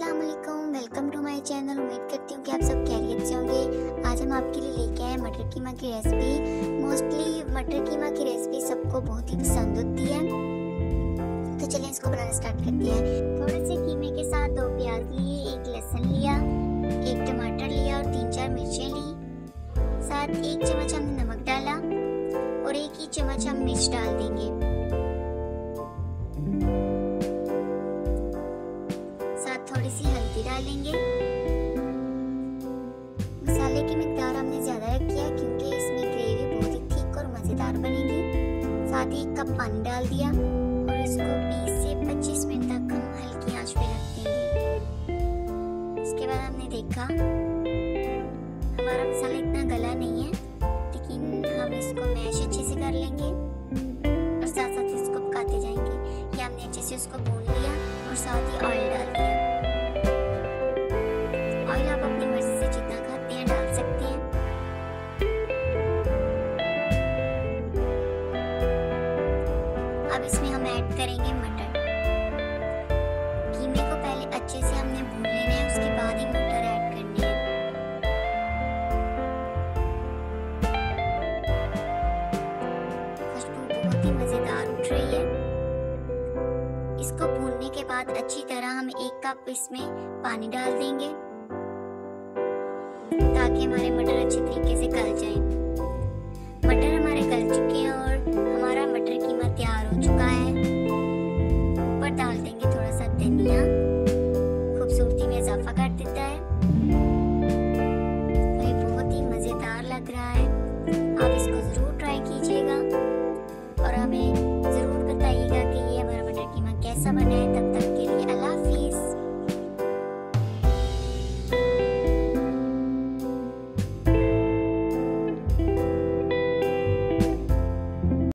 Aslam welcome to my channel उम्मीद करती हूँ कि आप सब खैरियत से होंगे आज हम आपके लिए लेके आए मटर कीमा की रेसिपी मोस्टली मटर कीमा की रेसिपी सबको बहुत ही पसंद होती है तो चलिए इसको बनाना स्टार्ट करते हैं थोड़े से कीमे के साथ दो प्याज लिए एक लहसुन लिया एक टमाटर लिया और तीन चार मिर्चें ली साथ एक चम्मच हमने नमक डाला और एक ही चम्मच हम मिर्च डाल देंगे थोड़ी सी हल्दी डालेंगे मसाले की मकदार हमने ज़्यादा रखी है क्योंकि इसमें ग्रेवी बहुत ही थिक और मज़ेदार बनेगी साथ ही एक कप पानी डाल दिया और इसको 20 से 25 मिनट तक हम हल्की आंच पे रख देंगे इसके बाद हमने देखा हमारा मसाला इतना गला नहीं है लेकिन हम इसको मैश अच्छे से कर लेंगे और साथ साथ इसको पकाते जाएंगे ये हमने अच्छे से उसको भून लिया और साथ ही ऑयल डाल दिया अब इसमें हम ऐड करेंगे मटर कीमे को पहले अच्छे से हमने भून लेना है उसके बाद ही मटर ऐड करने हैं खुशबू बहुत ही मज़ेदार उठ रही है इसको भूनने के बाद अच्छी तरह हम एक कप इसमें पानी डाल देंगे ताकि हमारे मटर अच्छे तरीके से गल जाएं। 下がる